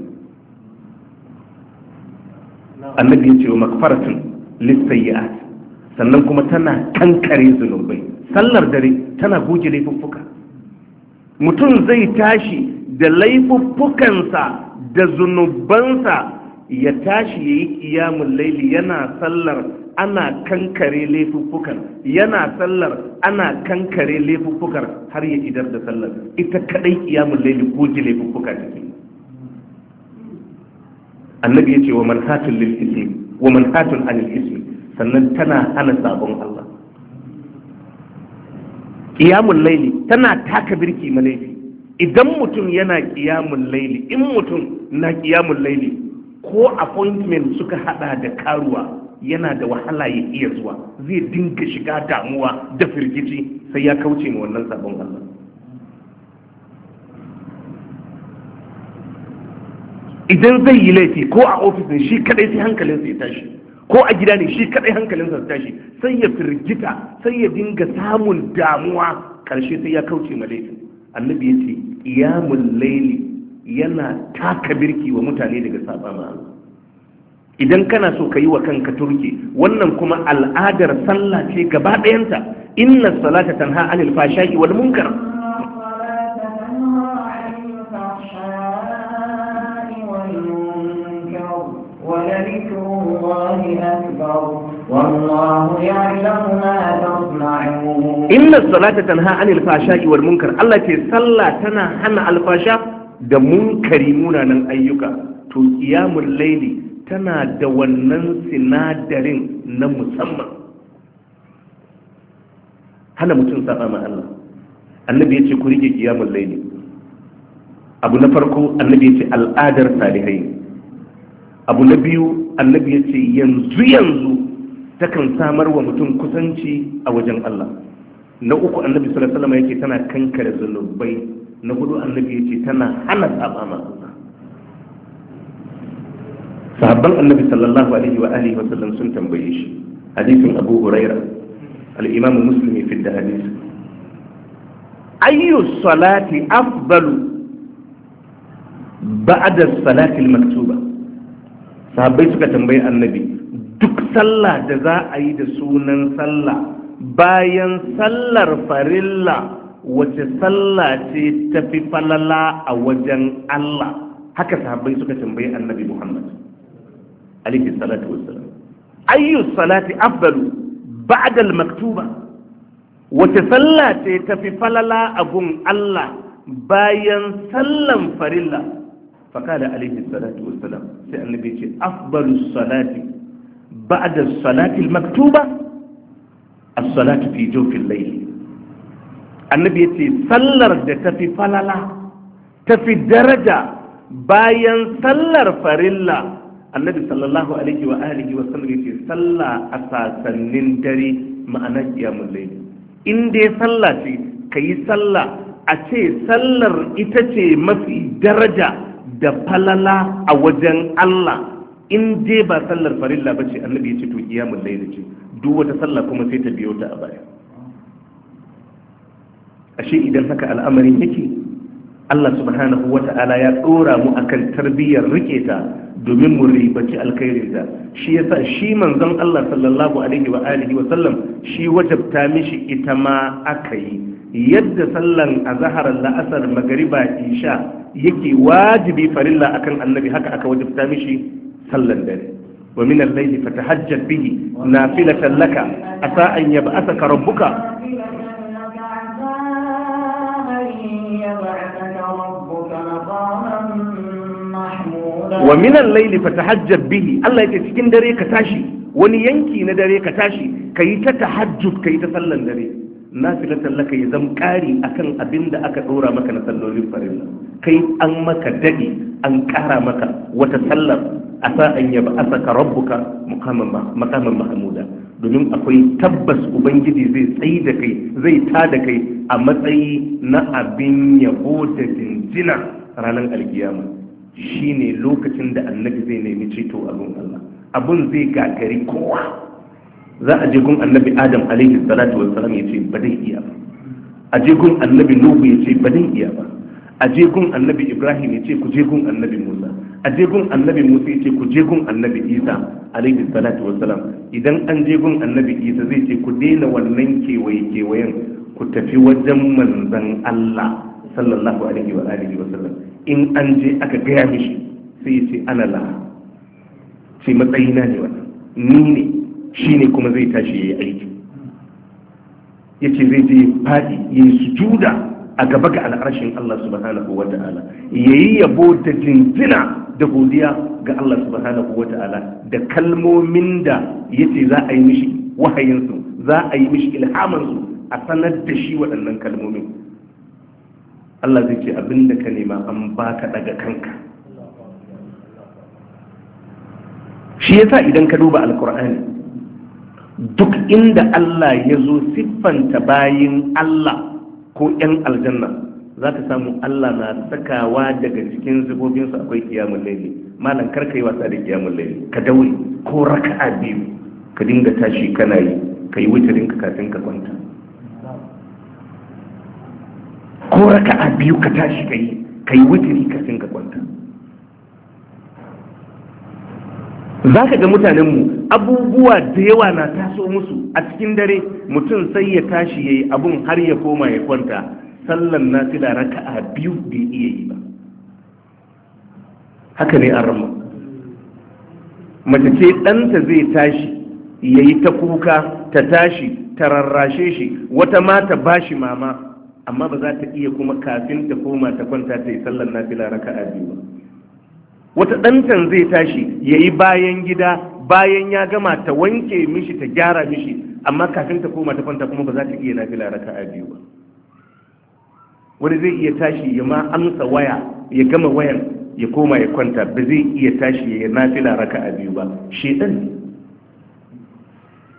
annabi ya ce wa makfaratun lissayyat sannan kuma tana kankare zunubai sallar dare tana goge laifuffuka mutum zai tashi da laifuffukansa da zunubansa ya tashi ya yi ƙiyamun laili yana sallar ana kankare laifuffukan yana sallar ana kankare laifuffukan har ya idar da sallar ita kadai kiyamun laili goge laifuffuka take annabi ya ce wa manhatun lil ismi wa manhatun anil ismi sannan tana hana sabon Allah kiyamun laili tana taka birki ma laifi idan mutum yana kiyamun laili in mutum na kiyamun laili ko appointment suka hada da karuwa yana da wahala ya iya zuwa zai dinga shiga damuwa da firgici sai ya kauce ma wannan sabon Allah idan zai yi laifi ko a ofisin shi kadai sai hankalinsa ya tashi ko a gida ne shi kadai hankalinsa ya tashi sai ya firgita sai ya dinga samun damuwa karshe sai ya kauce ma laifi. annabi ya ce qiyamul layli yana taka birki wa mutane daga saba ma Allah idan kana so ka yi wa kanka turki, wannan kuma al'adar sallah ce gaba ɗayanta inna salata tanha anil fashai wal munkar inna salata tanha anil fashai wal munkar Allah ce sallah tana hana alfasha da munkari munanan ayyuka to qiyamul layli tana da wannan sinadarin na musamman hana mutum saba ma Allah annabi ya ce ku rike kiyamun laili abu na farko annabi ya ce al'adar salihai abu na biyu annabi ya ce yanzu yanzu takan samar wa mutum kusanci a wajen Allah na uku annabi sallallahu alaihi wasallam yake tana kankare zunubai na hudu annabi ya ce tana hana saba ma Allah sahabban annabi sallallahu alaihi wa alihi wasallam sun tambaye shi hadisin abu huraira al-imamu muslimi fi da hadisi ayyu salati afdalu ba'da salati al-maktuba sahabbai suka tambayi annabi duk sallah da za a yi da sunan sallah bayan sallar farilla wace sallah ce tafi falala a wajen Allah haka sahabbai suka tambayi annabi Muhammad alaihi salatu wassalam ayyu salati afdalu ba'da maktuba wace sallah ce tafi falala abun Allah bayan sallan farilla fakada alaihi salatu wassalam sai annabi ce afdalu salati ba'da salati maktuba as-salatu fi jawfi al annabi yace sallar da tafi falala tafi daraja bayan sallar farilla annabi sallallahu alaihi wa alihi wa sallam yace sallah a sasannin dare ma'ana qiyamul layl in dai sallah ce kayi sallah a ce sallar ita ce mafi daraja da falala a wajen Allah in dai ba sallar farilla ba ce annabi ya ce to qiyamul layl ce duk wata sallah kuma sai ta biyo ta a baya ashe idan haka al'amarin yake Allah subhanahu wa ta'ala ya tsora mu akan tarbiyyar rike ta domin mu ribaci alkhairi da shi yasa shi manzon Allah sallallahu alaihi wa alihi wa sallam shi wajabta mishi ita ma aka yi yadda sallan azhar la'asar magriba isha yake wajibi farilla akan annabi haka aka wajabta mishi sallan dare wa min al-layli fatahajjat bihi nafilatan laka asa an yab'athaka rabbuka wa minan laili fatahajjab bihi Allah yake cikin dare ka tashi wani yanki na dare ka tashi kayi ta tahajjud kayi ta sallan dare nafilatan laka ya zam kari akan abin da aka dora maka na sallolin farilla kai an maka dadi an kara maka wata sallar asa an yaba asaka rabbuka makaman mahmuda domin akwai tabbas ubangiji zai tsayi da kai zai ta da kai a matsayi na abin yabo da jinjina ranar alkiyama shine lokacin da annabi zai nemi ceto a gun Allah abun zai gagari kowa za a je gun annabi adam alaihi salatu wassalam ya ce ba zai iya ba a je gun annabi nuhu ya ce ba zai iya ba a je gun annabi ibrahim ya ce ku je gun annabi musa a je gun annabi musa ya ce ku je gun annabi isa alaihi salatu wassalam idan an je gun annabi isa zai ce ku daina wannan kewaye kewayen ku tafi wajen manzon Allah sallallahu alaihi wa alihi wa sallam in an je aka gaya mishi sai sai ce ana laha ce matsayina ne wannan ni ne shi ne kuma zai tashi ya yi aiki ya ce zai je faɗi ya yi sujuda a gaba ga al'arshin Allah subhanahu wa ta'ala ya yi yabo da jinjina da godiya ga Allah subhanahu wa ta'ala da kalmomin da ya ce za a yi mishi wahayinsu za a yi mishi ilhamansu a sanar da shi waɗannan kalmomin Allah zai ce abin da ka nema an ka daga kanka shi yasa idan ka duba alkur'ani duk inda Allah ya zo siffanta bayin Allah ko 'yan aljanna za ka samu Allah na sakawa daga cikin zubobinsu akwai kiyamun laili malam karka yi wasa da kiyamun laili ka daure ko raka'a biyu ka dinga tashi kana yi ka yi wutarin ka kafin ka kwanta ko raka a biyu ka tashi ka yi ka yi wuturi kafin ka kwanta za ka ga mutanenmu abubuwa da yawa na taso musu a cikin dare mutum sai ya tashi ya yi abun har ya koma ya kwanta sallan na fila raka a biyu da iya yi ba haka ne an rama mace ce ɗanta zai tashi ya yi ta kuka ta tashi ta rarrashe shi wata mata ba shi mama amma ba za ta iya kuma kafin ta koma ta kwanta ta yi sallar na nafila a biyu ba wata ɗantan zai tashi ya yi bayan gida bayan ya gama ta wanke mishi ta gyara mishi amma kafin ta koma ta kwanta kuma ba za ta iya na nafila a biyu ba wani zai iya tashi ya ma amsa waya ya gama wayan ya koma ya kwanta ba zai iya tashi ya na nafila a biyu ba shedan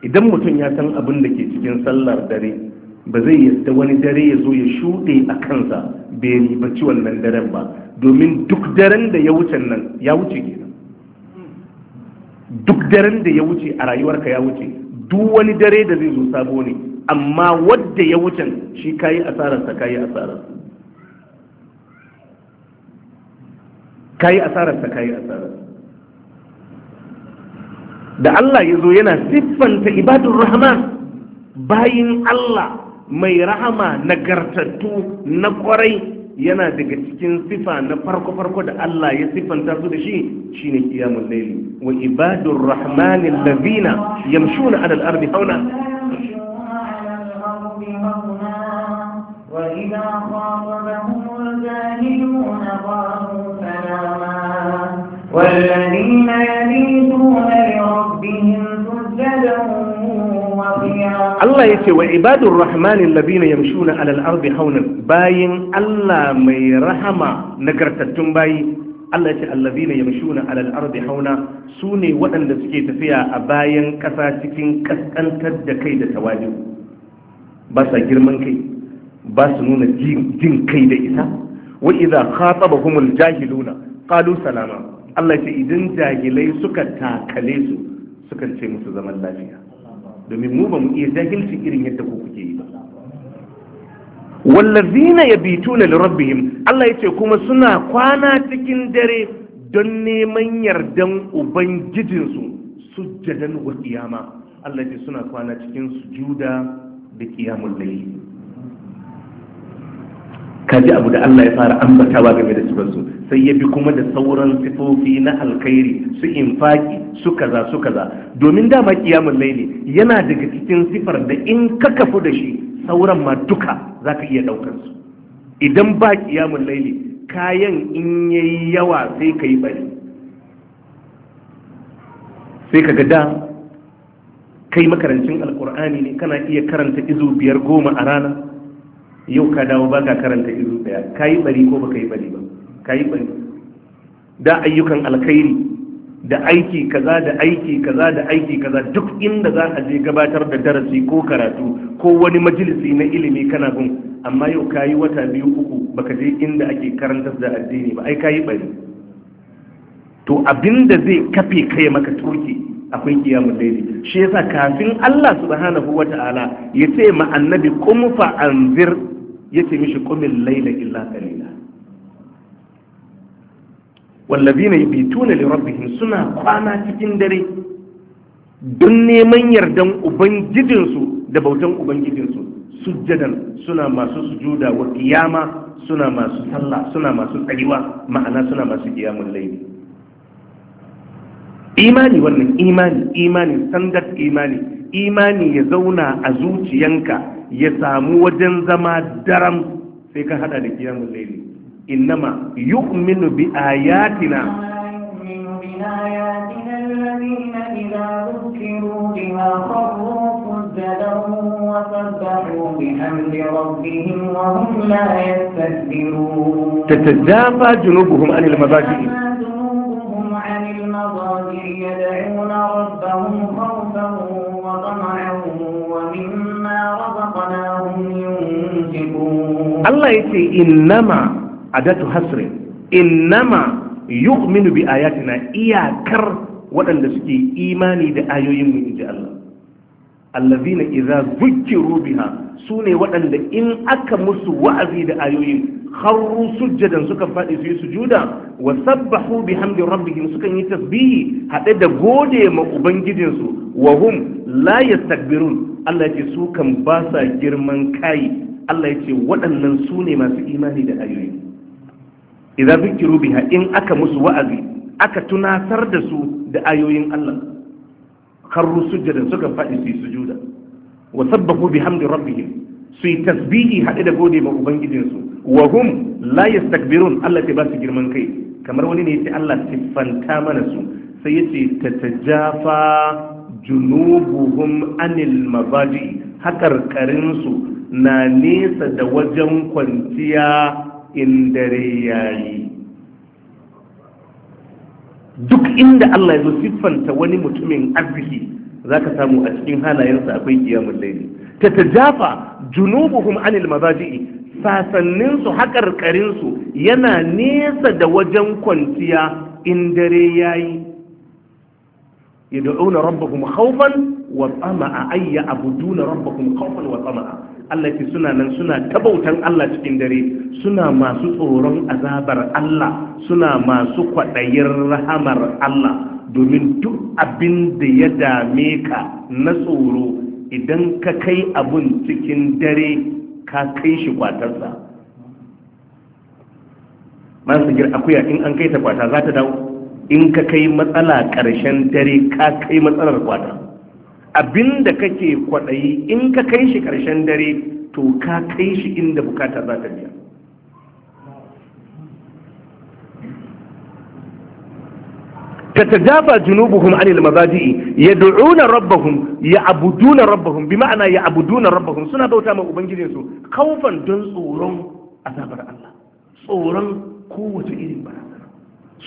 idan mutum ya san abin da ke cikin sallar dare ba zai yadda wani dare ya zo ya shuɗe a kansa bai ribaci wannan daren ba domin duk daren da ya wuce nan ya wuce kenan duk daren da ya wuce a rayuwarka ya wuce duk wani dare da zai zo sabo ne amma wadda ya wuce shi ka yi asararsa ka yi asararsa yi asararsa ka yi asararsa da Allah ya zo yana siffanta ibadun rahman bayin Allah mai rahama nagartattu na kwarai yana daga cikin sifa na farko-farko da Allah ya siffanta su da shi shine qiyamul layli wa ibadur rahmanil ladina yamshuna 'alal ardi hauna وَإِذَا خَاطَبَهُمُ الْجَاهِلُونَ قَالُوا وَالَّذِينَ يَبِيتُونَ لِرَبِّهِمْ Allah ya ce wa ibadun rahmanin labina yamshuna alal ardi haunan bayin Allah mai rahama nagartattun bayi Allah ya ce allabina yamshuna alal ardi hauna su ne waɗanda suke tafiya a bayan ƙasa cikin ƙasƙantar da kai da tawaju ba sa girman kai ba su nuna jin kai da isa wa idza humul jahiluna qalu salama Allah ce idan jahilai suka takale su sukan ce musu zaman lafiya domin mu ba mu iya jahilci irin yadda ku kuke yi ba wallazina yabituna lirabbihim Allah yace kuma suna kwana cikin dare don neman yardan ubangijinsu sujjadan wa qiyama Allah yace suna kwana cikin sujuda da qiyamul layl kaji abu da Allah ya fara ambatawa game da su sai ya bi kuma da sauran sifofi na alkhairi su infaki su kaza su kaza domin dama kiyamun laili yana daga cikin sifar da in ka kafu da shi sauran ma duka za ka iya ɗaukar su idan ba kiyamun laili kayan in ya yi yawa sai ka yi bari sai ka gada da kai makarancin alkur'ani ne kana iya karanta izu biyar goma a rana yau ka dawo ba ka karanta izu daya ka yi bari ko ba ka yi bari ka bari da ayyukan alkhairi da aiki kaza da aiki kaza da aiki kaza duk inda za a je gabatar da darasi ko karatu ko wani majalisi na ilimi kana gun amma yau ka wata biyu uku baka je inda ake karantar da addini ba ai ka bari to abinda zai kafe kai maka turki akwai kiyamun daidai shi yasa kafin Allah subhanahu wa ta'ala ya ce ma annabi kum fa anzir yace mishi kumil laila illa qalila Wallabi na li rabbihim suna kwana cikin dare don neman yardan ubangijinsu da bautan ubangijinsu sujjadan suna masu sujuda wa kiyama suna masu sallah suna masu tsayuwa ma'ana suna masu kiyamun laifi. imani wannan imani imani standard imani imani ya zauna a zuciyanka ya samu wajen zama daram sai ka hada da kiyamun laifi. إنما يؤمن بآياتنا بآياتنا الذين إذا ذكروا وسبحوا ربهم وهم لا يستكبرون تتجافى جنوبهم عن المبادئ جنوبهم عن يدعون ربهم خوفا وطمعا ومما الله يتي إنما adatu hasrin innama yu'minu bi ayatina iyakar waɗanda suke imani da ayoyin mu inji Allah allazina idza zukkiru biha sune waɗanda in aka musu wa'azi da ayoyin kharru sujjadan suka faɗi su yi sujuda wa sabbahu bihamdi rabbihim sukan yi tasbihi haɗe da gode ma ubangijinsu wa hum la yastakbirun Allah ce su kan ba sa girman kai Allah ya ce waɗannan sune masu imani da ayoyin idza zukiru biha in aka musu wa'azi aka tunatar da su da ayoyin Allah Har sujjadan suka faɗi su sujuda wa sabbahu bihamdi rabbihim su tasbihi haɗe da gode ma ubangijinsu wa hum la yastakbirun Allah ta ba girman kai kamar wani ne ya ce Allah siffanta mana su sai yace tatajafa junubuhum anil mabadi hakarkarin na nesa da wajen kwanciya in dare yayi duk inda Allah ya zo siffanta wani mutumin arziki zaka samu a cikin halayensa akwai ta layli tatajafa junubuhum anil mazaji'i sasanninsu su haƙarƙarin yana nesa da wajen kwanciya in dare yayi yad'una rabbahum khawfan wa tama'a ayya rabba kuma khawfan wa tama'a Allah ce suna nan suna tabautan Allah cikin dare suna masu tsoron azabar Allah suna masu kwaɗayin rahamar Allah domin duk abin da ya dame ka na tsoro idan ka kai abun cikin dare ka kai shi kwatarsa masu gir akuya in an kai ta kwata za ta dawo in ka kai matsala ƙarshen dare ka kai matsalar kwata abin da kake kwaɗayi in ka kai shi ƙarshen dare to ka kai shi inda bukatar za ta biya ta tajafa junubuhum anil mazaji ya du'una rabbahum ya abuduna rabbahum bi ma'ana ya abuduna rabbahum suna bauta ma ubangijin su kaufan don tsoron azabar Allah tsoron kowace irin barazana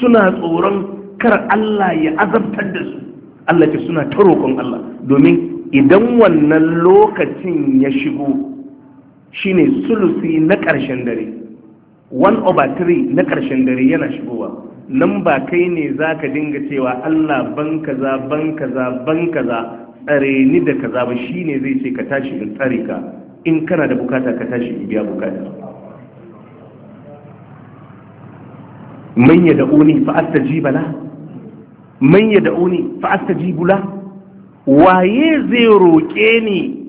suna tsoron kar Allah ya azabtar da su Allah ce suna ta roƙon Allah domin idan wannan lokacin ya shigo shine sulusi na ƙarshen dare one over three na ƙarshen dare yana shigowa nan ba kai ne za ka dinga cewa Allah ban kaza ban kaza ban kaza tsare ni da kaza ba shine zai ce ka tashi in tsare ka in kana da bukata ka tashi in biya bukata man ya da'uni fa man ya da'uni fa astajibu la waye zai roƙe ni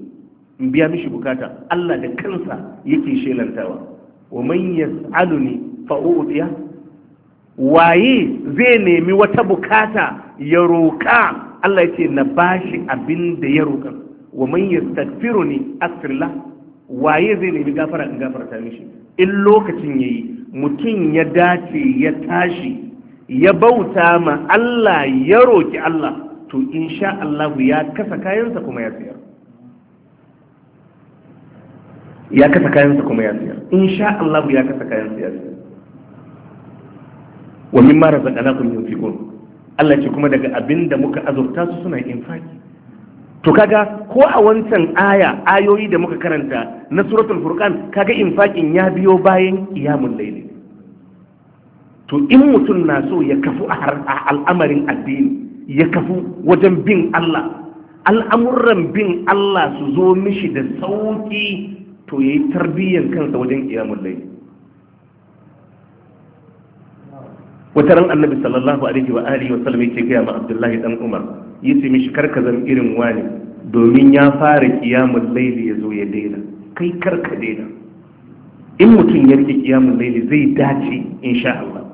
in biya mishi bukata Allah da kansa yake shelantawa wa man yas'aluni fa u'tiya waye zai nemi wata bukata ya roƙa Allah ya ce na bashi abin da ya roƙa wa man yastaghfiruni astaghfirullah waye zai nemi gafara in gafarta mishi in lokacin yayi mutum ya dace ya tashi ya bauta ma Allah ya roƙi Allah to insha Allah ya kasa kayansa kuma ya siyar ya kasa kayansa kuma ya siyar insha Allah ya kasa kayansa ya siyar wa mimma razaqnakum yunfiqun Allah ce kuma daga abin da muka azurta su suna infaki to kaga ko a wancan aya ayoyi da muka karanta na suratul furqan kaga infakin ya biyo bayan iyamul layli to in mutum na so ya kafu a al'amarin addini ya kafu wajen bin Allah al'amuran bin Allah su zo mishi da sauki to ya yi tarbiyyar kansa wajen ƙiyamun lai wata ran annabi sallallahu alaihi wa alihi wa sallam yake gaya ma abdullahi dan umar yace mishi karka zan irin wani domin ya fara kiyamun laili ya zo ya daina kai karka daina in mutum ya rike kiyamun laili zai dace insha Allah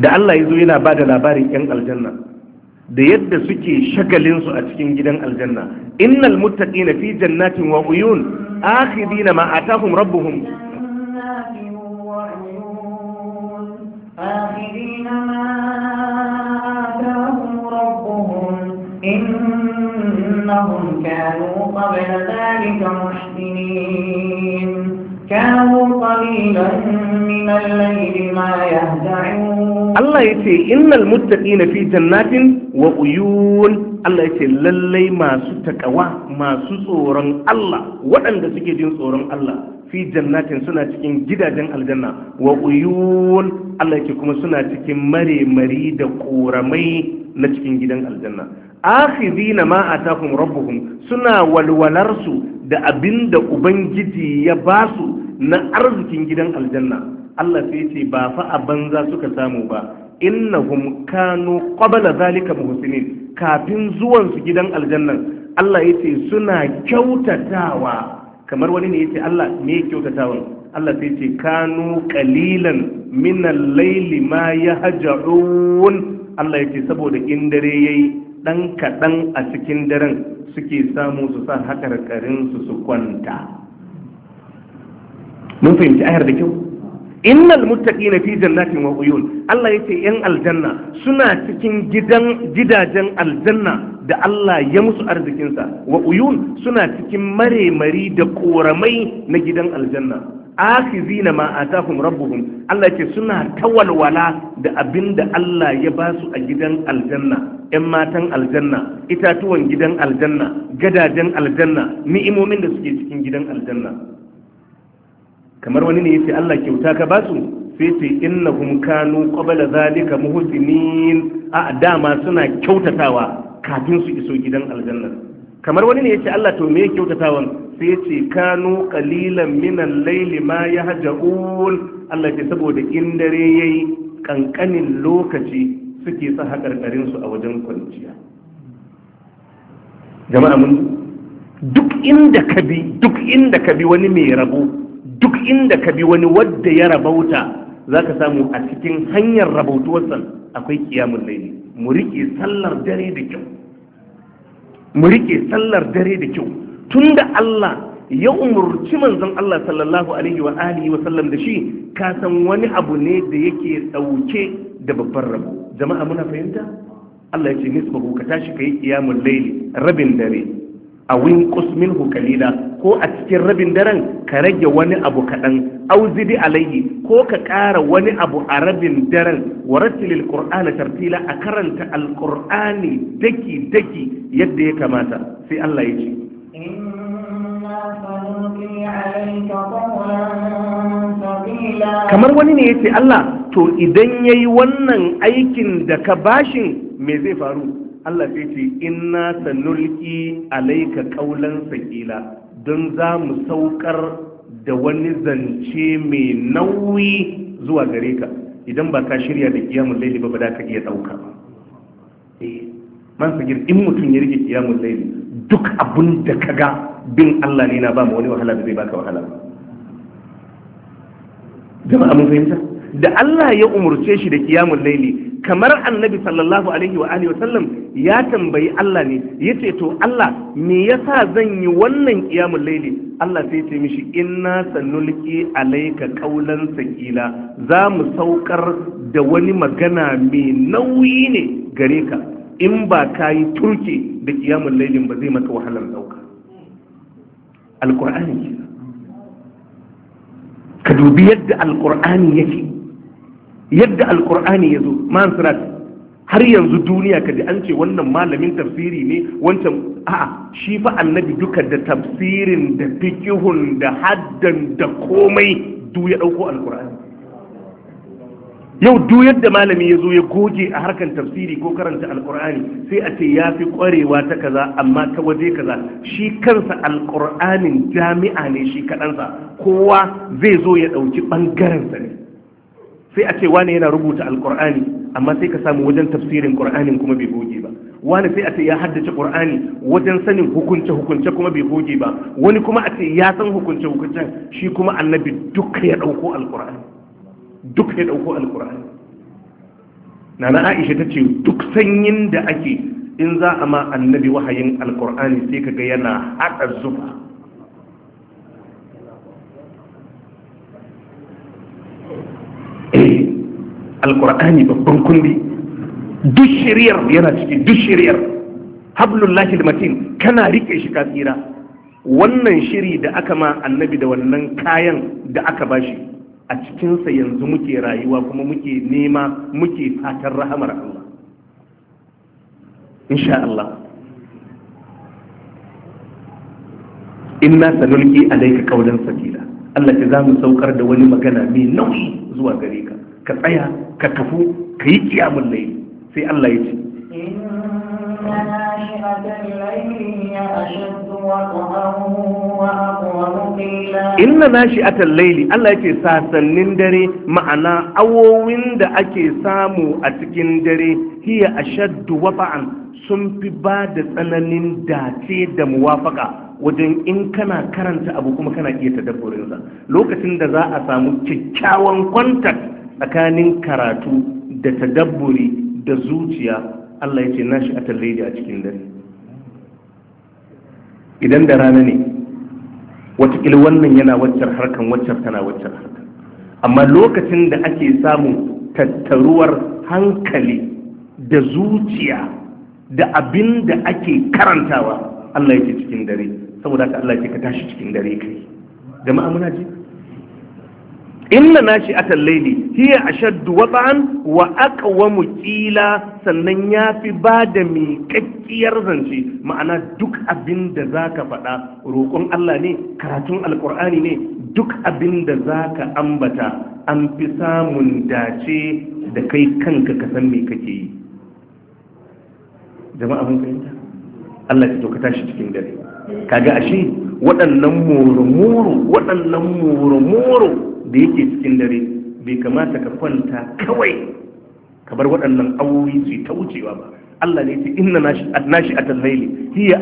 da Allah ya zo yana ba da labarin 'yan aljanna da yadda suke shagalinsu a cikin gidan aljanna innal muttaqina fi jannatin wa uyun akhidina ma atahum rabbuhum إنهم كانوا قبل ذلك محسنين Allah ya ce, Innal muttaqina fi jannatin wa Allah ya ce, lallai masu takawa masu tsoron Allah, waɗanda suke jin tsoron Allah fi jannatin suna cikin gidajen aljanna wa Allah ya ce kuma suna cikin maremari da ƙoramai na cikin gidan aljanna. akhizina ma atakum rabbuhum suna walwalarsu da abinda ubangiji ya basu na arzikin gidan aljanna Allah sai ce ba fa a banza suka samu ba innahum kanu qabla zalika muhsinin kafin zuwan su gidan aljannan Allah yace suna kyautatawa kamar wani ne yace Allah me kyautatawa Allah sai ce kanu qalilan min al-layli ma yahja'un Allah yace saboda in dare yayi ɗan kaɗan a cikin daren suke samu su sa haƙarƙarinsu su kwanta mun fahimci ayar da kyau innal na fi jannatin wa uyun Allah ya ce yan aljanna suna cikin gidan gidajen aljanna da Allah ya musu arzikinsa wa uyun suna cikin maremari da ƙoramai na gidan aljanna akhizina ma atahum rabbuhum Allah ce suna tawalwala da abinda Allah ya ba su a gidan aljanna Yan matan aljanna itatuwan gidan aljanna gadajen aljanna ni'imomin da suke cikin gidan aljanna kamar wani ne yace Allah kyauta ka ba su sai ce innahum kanu qabla zalika muhsinin a dama suna kyautatawa kafin su iso gidan aljanna kamar wani ne ya ce Allah to me kyautatawan sai ya ce kanu qalilan minan laili ma yahjaun Allah ce saboda in dare yayi kankanin lokaci suke sa hakarkarin su a wajen kwanciya jama'a mun duk inda ka bi duk inda ka bi wani mai rabo duk inda ka bi wani wadda ya rabauta zaka samu a cikin hanyar rabautuwarsa akwai kiyamul laili mu rike sallar dare da kyau mu rike sallar dare da kyau tunda Allah ya umurci manzon Allah sallallahu alaihi wa alihi wa sallam da shi ka san wani abu ne da yake dauke da babban rabo jama'a muna fahimta Allah ya ce nisbahu ka tashi kai iyamul layli rabin dare a win kusmin hukalila ko a cikin rabin daren ka rage wani abu kaɗan auzidi alayhi ko ka ƙara wani abu a rabin daren wa rattilil qur'ana tartila a karanta alqur'ani daki daki yadda ya kamata sai Allah ya ce kamar wani ne ya ce Allah to idan yayi wannan aikin da ka bashin me zai faru Allah sai ce inna sanulki alaika kaulan sakila don za mu saukar da wani zance mai nauyi zuwa gare ka idan ba ka shirya da kiyamun laili ba ba da ka iya dauka eh, man sagir in mutum ya rike kiyamun laili duk abun da ka ga bin Allah ne na ba mu wani wahala da zai baka wahala jama'a mun fahimta da Allah ya umurce shi da kiyamun laili kamar annabi sallallahu alaihi wa alihi wasallam ya tambayi Allah ne Ya ce to Allah me yasa zan yi wannan qiyamul layli Allah sai ce mishi inna sanulqi alayka qawlan sakila za mu saukar da wani magana mai nauyi ne gare ka in ba ka yi turke da qiyamul laylin ba zai maka wahalar dauka alqur'ani ka dubi yadda alqur'ani yake yadda alkur'ani ya zo man har yanzu duniya ka ji an ce wannan malamin tafsiri ne wancan a'a shi fa annabi duka da tafsirin da fikihun da haddan da komai du ya dauko alkur'ani yau du yadda malami ya zo ya goge a harkan tafsiri ko karanta alkur'ani sai a ce ya fi kwarewa ta kaza amma ta waje kaza shi kansa alkur'anin jami'a ne shi kaɗansa kowa zai zo ya ɗauki ɓangarensa ne sai a ce wani yana rubuta alkur'ani amma sai ka samu wajen tafsirin qur'anin kuma bai goge ba wani sai a ce ya haddace qur'ani wajen sanin hukunce hukunce kuma bai goge ba wani kuma a ce ya san hukunce hukuncen shi kuma annabi duk ya dauko alkur'ani duk ya dauko alkur'ani nana aisha ta ce duk sanyin da ake in za a ma annabi wahayin alkur'ani sai ka ga yana haɗa zuba alkur'ani babban kundi duk shiriyar yana ciki duk shiriyar hablullahi matin kana rike shi ka tsira wannan shiri da aka ma annabi da wannan kayan da aka bashi a cikinsa yanzu muke rayuwa kuma muke nema muke fatan rahamar Allah insha Allah inna sanulki alayka qawlan sakila Allah za mu saukar da wani magana mai nauyi zuwa gare ka tsaya ka kafu ka yi kiyamun layi sai Allah ya ce inna nashi atal laili Allah yake sasannin dare ma'ana awowin da ake samu a cikin dare hiya shaddu wafa'an sun fi ba da tsananin dace da muwafaka wajen in kana karanta abu kuma kana iya tadabburinsa lokacin da za a samu kyakkyawan kwantar. tsakanin karatu da tadabburi da zuciya Allah ya ce na shi a tarraidi a cikin dare idan da rana ne watakila wannan yana waccar harkan waccar tana waccar harkan amma lokacin da ake samun tattaruwar hankali da zuciya da abin da ake karantawa Allah ya ce cikin dare saboda haka Allah ya ce ka tashi cikin dare kai jama'a muna ji inna nashi atal laili hiya ashaddu wata'an wa aqwamu qila sannan ya fi bada kakkiyar zance ma'ana duk abin da zaka faɗa roƙon Allah ne karatun alqur'ani ne duk abin da zaka ambata an fi samun dace da kai kanka ka san me kake yi jama'a mun fahimta Allah ya ka tashi cikin dare kaga ashe waɗannan moro-moro waɗannan moro da yake cikin dare bai kamata ka kwanta kawai ka bar waɗannan awowi su ta wucewa ba Allah ne ce inna nashi a tallaili hiya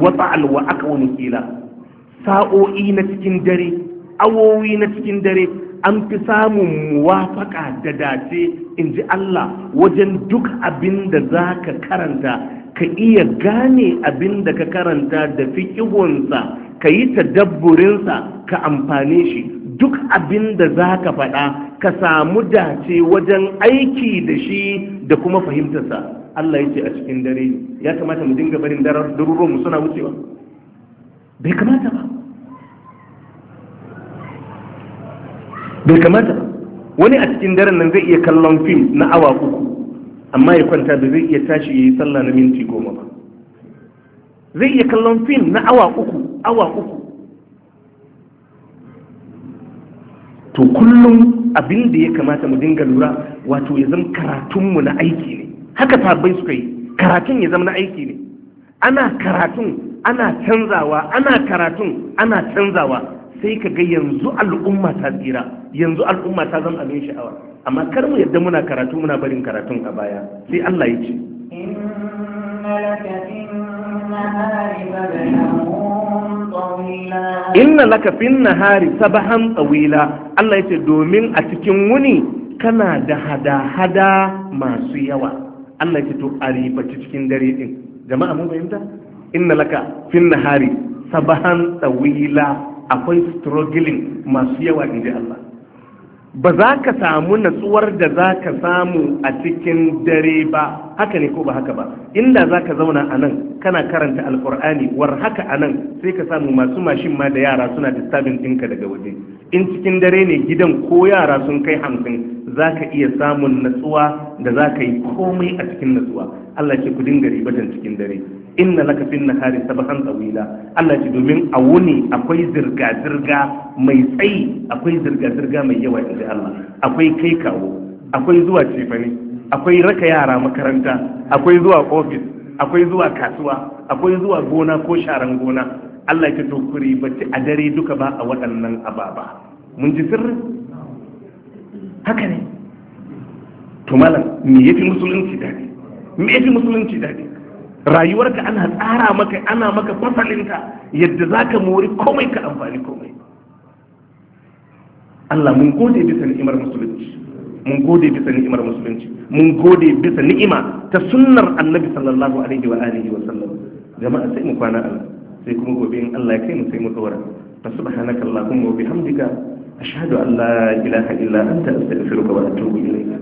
wata alwa wa wani kila. sa'o'i na cikin dare awowi na cikin dare an fi samun muwafaka da dace in ji Allah wajen duk abin da za ka karanta ka iya gane abin da ka karanta da fi ka yi tadabburinsa ka amfane shi duk abin da za ka faɗa ka samu dace wajen aiki da shi da kuma fahimtarsa Allah ya ce a cikin dare ya kamata mu dinga barin mu suna wucewa bai kamata ba bai kamata ba wani a cikin daren nan zai iya kallon fim na awa uku amma ya kwanta da zai iya tashi ya yi sallah na minti goma ba zai iya kallon fim na awa uku awa uku to kullum abin da ya kamata mu dinga lura wato ya zama karatunmu na aiki ne haka sabbai suka yi karatun ya zama na aiki ne ana karatun ana canzawa ana karatun ana canzawa sai ka ga yanzu al'umma ta tsira yanzu al'umma ta zama abin sha'awa amma kar mu yadda muna karatu muna barin karatun a baya sai Allah ya ce inna laka fin nahari sabahan tsawila Allah ya ce domin a cikin wuni kana da hada-hada masu yawa Allah ya ce to a ribaci cikin dare din jama'a mun fahimta inna laka fin nahari sabahan tawila akwai struggling masu yawa in ji Allah ba za ka samu natsuwar da za ka samu a cikin dare ba haka ne ko ba haka ba inda za ka zauna a nan kana karanta alkur'ani war haka a nan sai ka samu masu mashin ma da yara suna disturbing ɗinka daga waje in cikin dare ne gidan ko yara sun kai hamsin za ka iya samun natsuwa da za ka yi komai a cikin natsuwa Allah ce ku dinga ribatan cikin dare inna laka fin nahari sabahan tsawila Allah ce domin a wuni akwai zirga zirga mai tsayi akwai zirga zirga mai yawa inda Allah akwai kai kawo akwai zuwa cefane akwai raka yara makaranta akwai zuwa ofis akwai zuwa kasuwa akwai zuwa gona ko sharan gona Allah ya to kuri bacci a dare duka ba a waɗannan ababa mun ji sirrin haka ne to malam me yafi musulunci dadi me yafi musulunci dadi rayuwarka ana tsara maka ana maka fasalinta yadda zaka mori komai ka amfani komai Allah mun gode bisa ni'imar musulunci mun gode bisa ni'imar musulunci mun gode bisa ni'ima ta sunnar annabi sallallahu alaihi wa alihi wa sallam jama'a sai mu kwana Allah sai kuma gobe in Allah ya kai mu sai mu dora allahumma wa bihamdika ashhadu an la ilaha illa anta astaghfiruka wa atubu ilayk